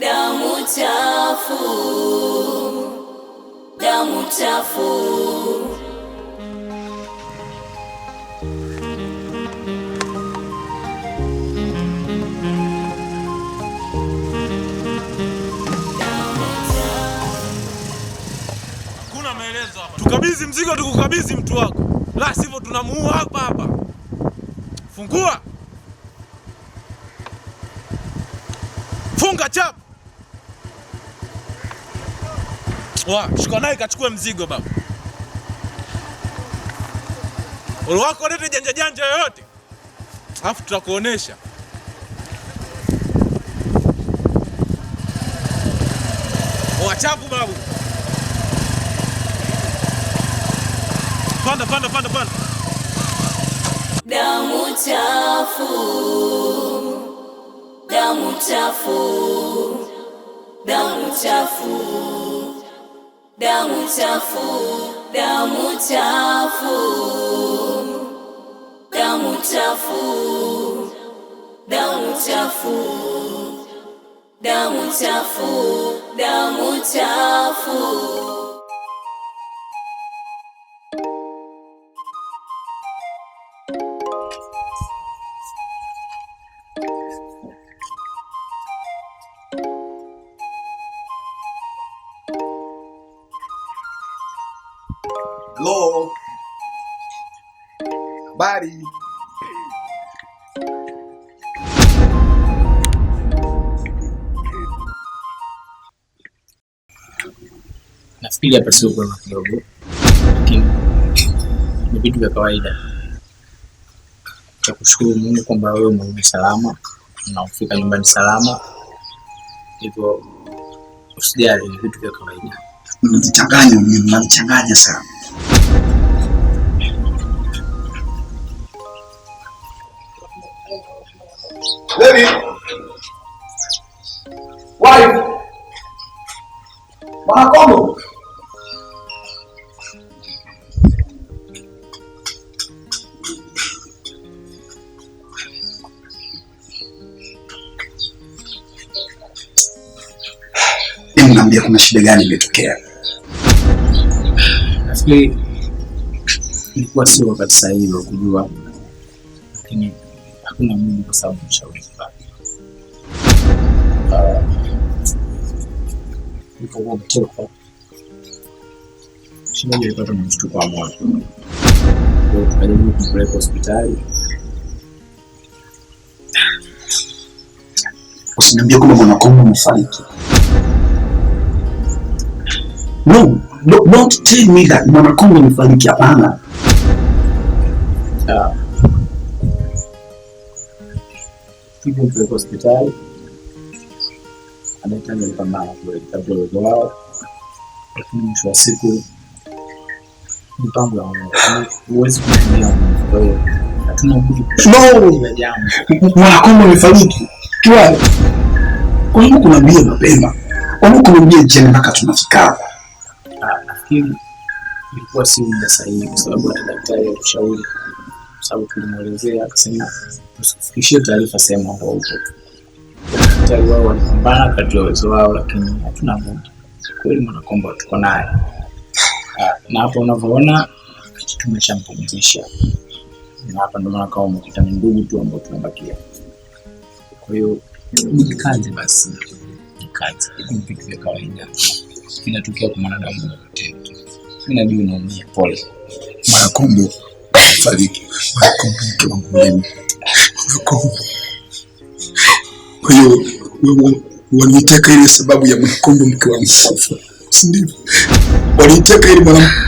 Damu chafu, damu chafu. Tukabidhi mzigo, tukukabidhi mtu wako, la sivyo tunamuua hapa hapa. Fungua, funga chap. shuka naye kachukue mzigo baba. Wako lete janja janja yoyote, alafu tutakuonesha wachapu babu. Panda, panda, panda, panda. Damu chafu, damu chafu, damu chafu, damu chafu, damu chafu, damu chafu, damu chafu, damu chafu, damu chafu. kupiga pasipo na kidogo, lakini ni vitu vya kawaida. Cha kushukuru Mungu kwamba wewe umerudi salama na ufika nyumbani salama, hivyo usijali, ni vitu vya kawaida. Mnachanganya, mnachanganya sana. Baby. shida gani imetokea? Nafikiri ilikuwa sio wakati sahihi wa kujua, lakini hakuna mimi kwa sababu mshauri uh, mtoto shida ilipata na mshtuko wa moyo, tukajaribu kumpeleka hospitali. Usiniambie kwamba umefariki. No, no, don't tell me that Mwanakongo amefariki. Hapana, ah. hospitali anahitaji uwezo wao, lakini mwisho wa siku mpango huwezi kutumia. Mwanakongo amefariki, kunaambia mapema, kunaambia jiani mpaka tunafikaa hili ilikuwa si muda sahihi, kwa sababu hata daktari alitushauri, kwa sababu tulimwelezea, akasema usifikishie taarifa sehemu ambayo upo. Daktari wao walipambana kati ya uwezo wao, lakini hatuna muda kweli, mwanakomba tuko naye ah, na hapo unavyoona tumeshampumzisha, na hapa ndo maana kama umekuta ni ndugu tu ambao tumebakia. Kwa hiyo ni kazi basi, ni kazi, vitu vya kawaida kinatokea kwa mwanadamu yote. Mimi najua unaumia, pole. Mwanakombo fariki, Mwanakombo wangu, Mwanakombo. Kwa hiyo walitaka ile sababu ya Mwanakombo mke wangu kufa, si ndivyo? Walitaka ile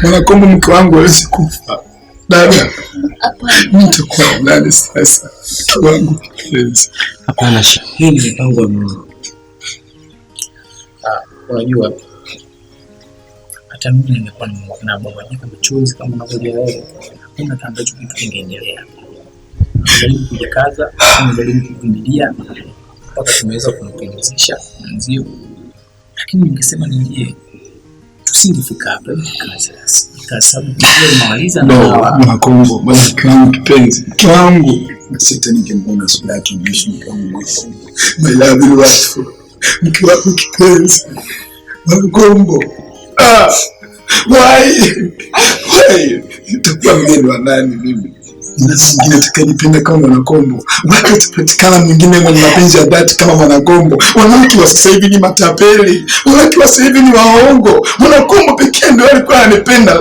Mwanakombo mke wangu aweze kufa. Dada, nitakuwa nani sasa? Mke wangu kipenzi. Hapana, hii ni mpango wa Mungu. Ah, unajua changu nimekuwa na mmomonyoko mchuzi kama unavyoelewa wewe, hakuna ambacho kitu kingeendelea. Najaribu kujikaza, najaribu kuvumilia mpaka tumeweza kumpendezesha mzio, lakini ningesema nije tusingefika hapa kwa sababu tumemaliza na Mwakongo. Basi kwangu kipenzi kwangu, sita ningemwona sura yake mwisho kwangu, my love you watu mke wako kipenzi Mwakongo ah Why? Why? Nitakuwa mgeni wa nani mimi? Ina zingine tukanipenda kama mwanakombo. Watu tupatikana mwingine mwenye mapenzi ya dhati kama mwanakombo. Wanawake wa sasa hivi ni matapeli, wanawake wa sasa hivi ni waongo. Mwanakombo pekee ndio alikuwa ananipenda,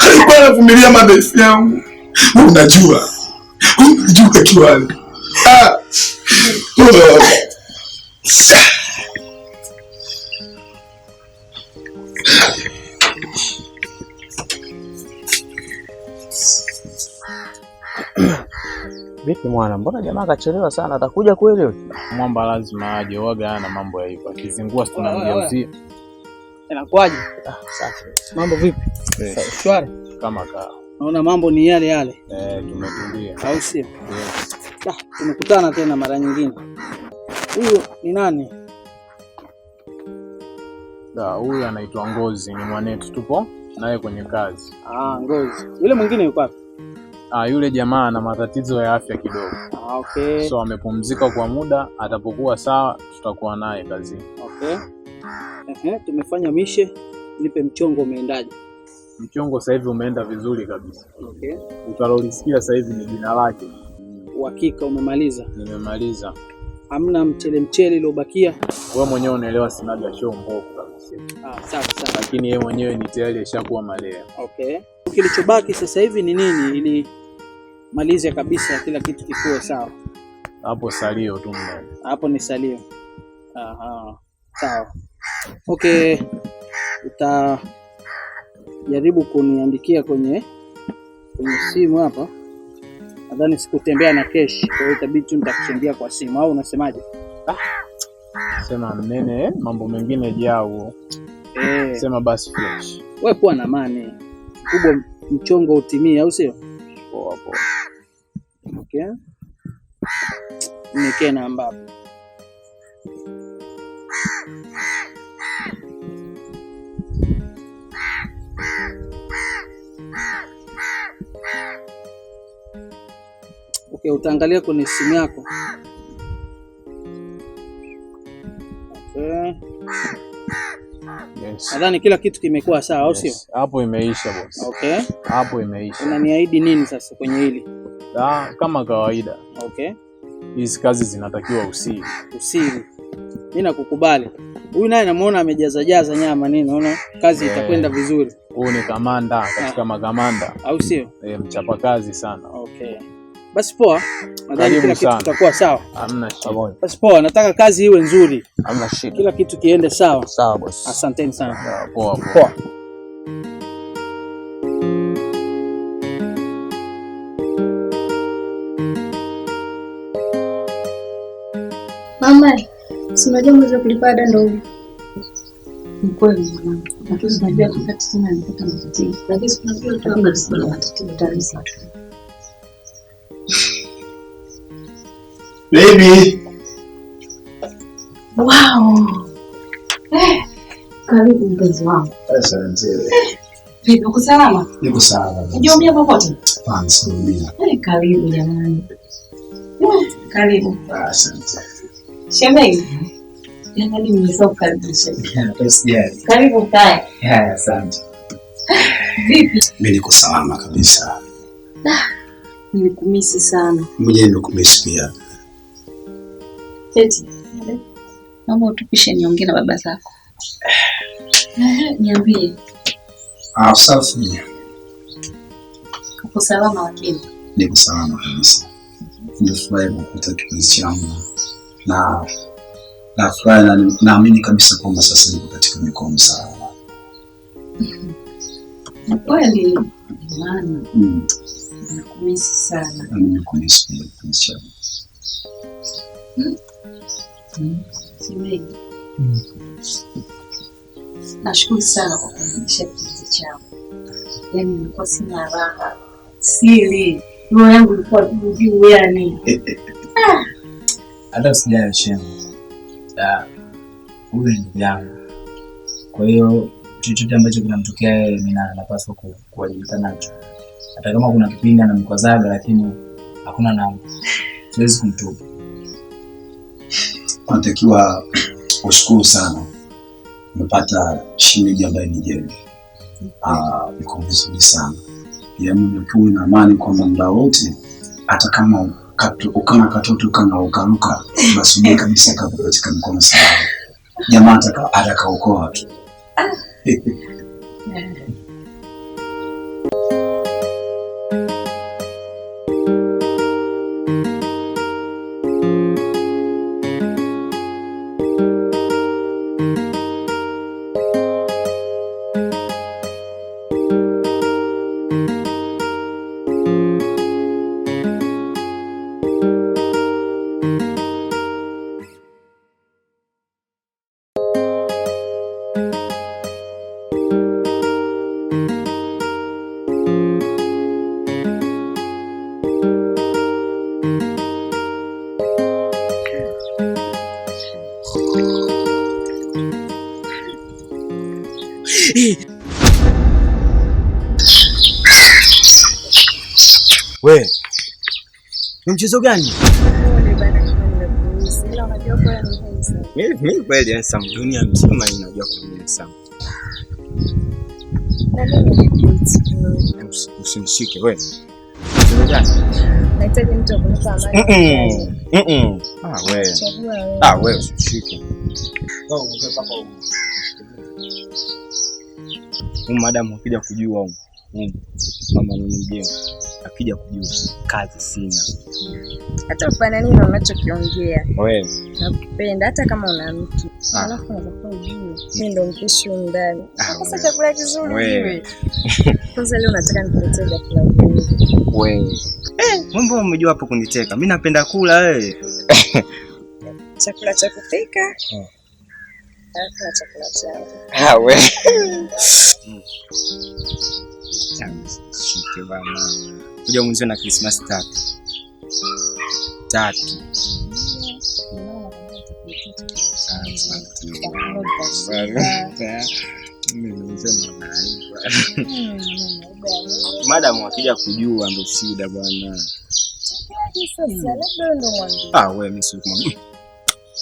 alikuwa anavumilia madhaifu yangu. Unajua, unajua kiwali. Ah. Oh. Vipi mwana, mbona jamaa akachelewa sana? Atakuja kweli huyo? Mwamba lazima aje, waga na mambo ya hivyo. Akizingua si tunamgeuzia. Inakuaje? Ah, safi. Mambo vipi? Shwari. Kama ka. Naona mambo ni yale yale. Eh, tumetulia. Au sio? Ah, tumekutana tena mara nyingine. Huyu ni nani? Da, huyu anaitwa Ngozi, ni mwanetu, tupo naye kwenye kazi. Ah, Ngozi. Yule mwingine yuko wapi? ah, yule jamaa ana matatizo ya afya kidogo. Ah, okay. So amepumzika kwa muda, atapokuwa sawa tutakuwa naye kazini. Okay. tumefanya mishe, nipe mchongo umeendaje? Mchongo sasa hivi umeenda vizuri kabisa. Okay. Utalolisikia sasa hivi ni jina lake. Uhakika umemaliza? Nimemaliza. Hamna mchele mchele uliobakia? Wewe mwenyewe unaelewa sinaga show mbovu kabisa. Ah, sawa sawa. Lakini yeye mwenyewe ni tayari ashakuwa malea. Okay. Kilichobaki sasa hivi ni nini? Ili malize kabisa, kila kitu kikuwe sawa. Hapo salio tu hapo ni salio. Aha, sawa. Okay, utajaribu kuniandikia kwenye kwenye simu hapa. Nadhani sikutembea na cash, kwa hiyo itabidi tu nitakuchangia kwa simu, au unasemaje? Ah, sema mnene, mambo mengine jao. Eh, sema basi fresh. Wewe kuwa na amani kubwa, mchongo utimie, au sio? Poa poa yake ni na ambapo Okay, utaangalia kwenye simu yako okay. Yes. Nadhani kila kitu kimekuwa sawa au sio? Hapo imeisha boss. Okay. Hapo imeisha. Unaniahidi nini sasa kwenye hili? Da, ah, kama kawaida. Okay. Hizi kazi zinatakiwa usiri. Usiri. Mimi nakukubali. Huyu naye namuona amejazajaza nyama nini, naona kazi yeah, itakwenda vizuri. Huyu ni kamanda katika ah. magamanda. au sio? Eh, mchapa kazi sana. Okay. Basi poa. Nadhani kila kitu kitakuwa sawa. Hamna shida. Basi poa, nataka kazi iwe nzuri. Hamna shida. Kila kitu kiende sawa. Sawa boss. Asanteni sana. Poa poa. unajua mwezi wa kulipa ada ndio huu. Ni kweli mwanangu. Lakini unajua wakati sana nilipata matatizo. Lakini unajua tu hamna siku la matatizo tarisi tu. Baby. Wow. Eh. Karibu mpenzi wangu. Asante. Eh, vipi, uko salama? Niko salama. Unaumia popote? Hapana, sijaumia. Eh, karibu jamani. Eh, karibu. Asante. Shemeji. Mimi niko salama kabisa. Nilikumisi sana. Mwenyewe nimekumisi pia. Mama, tupishe niongee na baba zako. Niambie. Ah, safi. Uko salama wakili? Niko salama kabisa. Nimefurahi kukuta kipenzi changu na na furaha na naamini kabisa kwamba sasa niko katika mikono salama. Kweli maana mm. nakumisi sana. Nakumisi pia kumisha sana. Hmm? Nashukuru sana kwa kuonyesha kitu chako, Yaani nilikuwa sina raha. Siri. Roho yangu ilikuwa juu yani. Ah! Hata usijali shemu za huyu ndugu yangu. Kwa hiyo chochote ambacho kinamtokea yeye, mimi napaswa kuwajibika nacho, hata kama kuna kipindi anamkwazaga, lakini hakuna namna, siwezi kumtupa. Natakiwa ushukuru sana, umepata shimiji ambaye ni jeni, ah, Iko vizuri sana, yaani ukiwa na amani kwamba muda wote hata kama ukana katoto kanaokaruka masubuhi kabisa kako katika mkono sawa, jamaa atakaokoa watu ah. We, ni mchezo gani? Mimi kweli handsome, dunia mzima inajua kuwa handsome. Usinishike wewe. Ah wewe. usinishike. Madamu akija kujua mama ni mjengo, akija kujua kazi sina. Hata ufanani na unachokiongea wewe, nakupenda hata kama una mtu ah. alafu mimi ndo mpishi huko ndani. Ah, Sasa chakula kizuri wewe, kwanza leo nataka nikuletee chakula kizuri wewe? Eh, mambo umejua hapo kuniteka mimi, napenda kula wewe chakula cha kupika ah na chakula Kuja na Christmas tatu. Tatu. Hmm. Madam akija kujua ndo shida bwana. Ah, wewe mimi sikumwambia.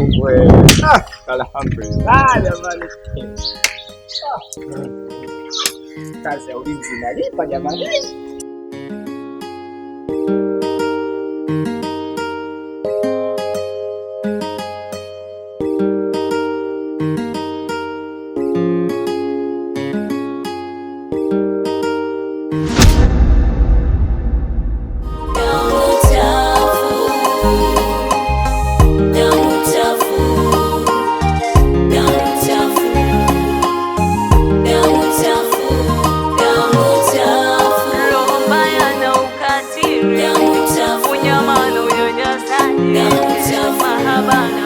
Mungu. Alhamdulillah jamani. Kazi ya ulinzi inalipa jamani. damu chafu, unyama na unyonyasaji, damu